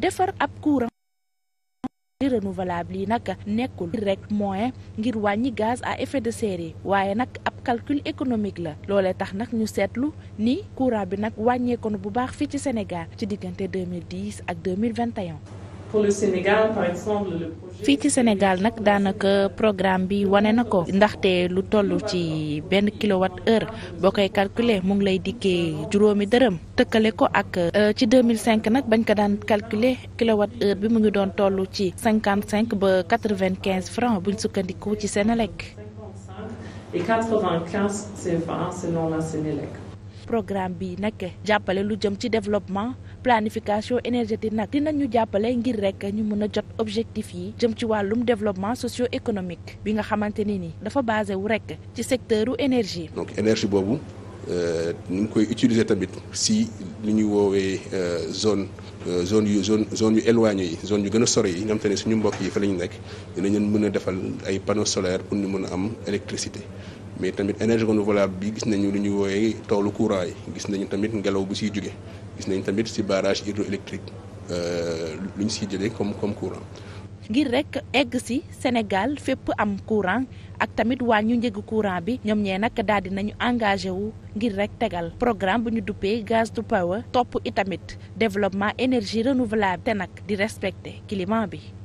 defar ab courant renouvelable yi nag nekkul rek moyen ngir wàññi gaz à effet de serre yi waaye nag ab calcul économique la loolee tax nag ñu seetlu ni courant bi nag wàññeekoon bu baax fii ci senegal ci diggante 2010 ak 2021 pour le fii ci Sénégal nag daanaka programme bi wane na ko ndaxte lu toll ci benn kilowatt heure boo koy calculer mu ngi lay dikkee juróomi dërëm tëkkale ko ak euh, ci 2005 nag bañ ko daan calculer kilowatt heure bi mu ngi doon toll ci 55 ba 95 francs buñ sukkandiku ci Sénélec. et 95 programme bi nag jàppale lu jëm ci développement planification énergétique nag ñu jàppale ngir rek ñu mën a jot objectif yi jëm ci wàllum développement socio-économique bi nga xamante ni ni dafa basé wu rek ci secteuru énergie. donc énergie boobu euh, ñu ngi koy utiliser tamit si nu ñuy woowee euh, zone euh, zone yu zone zone yu éloigné yi zone yu gën a sore yi nga xam te suñu mbokk yi fa la ñu nekk dinañu mën a defal ay panneaux solaires pour nu mën a am électricité. mais tamit énergie renouvelable bi gis nañu lu ñuy wooyee toolu courant yi gis nañu tamit ngelaw bu siy jóge gis nañu tamit si barrage hydroélectrique euh, lu ñu si jëlee comme comme courant. ngir rek egg si Sénégal fépp am courant ak tamit ñu njëgu courant bi ñoom ñee nag daal di nañu engagé wu ngir rek tegal programme bu ñu duppee gaz to power topp itamit développement énergie renouvelable te nag di respecter climat bi.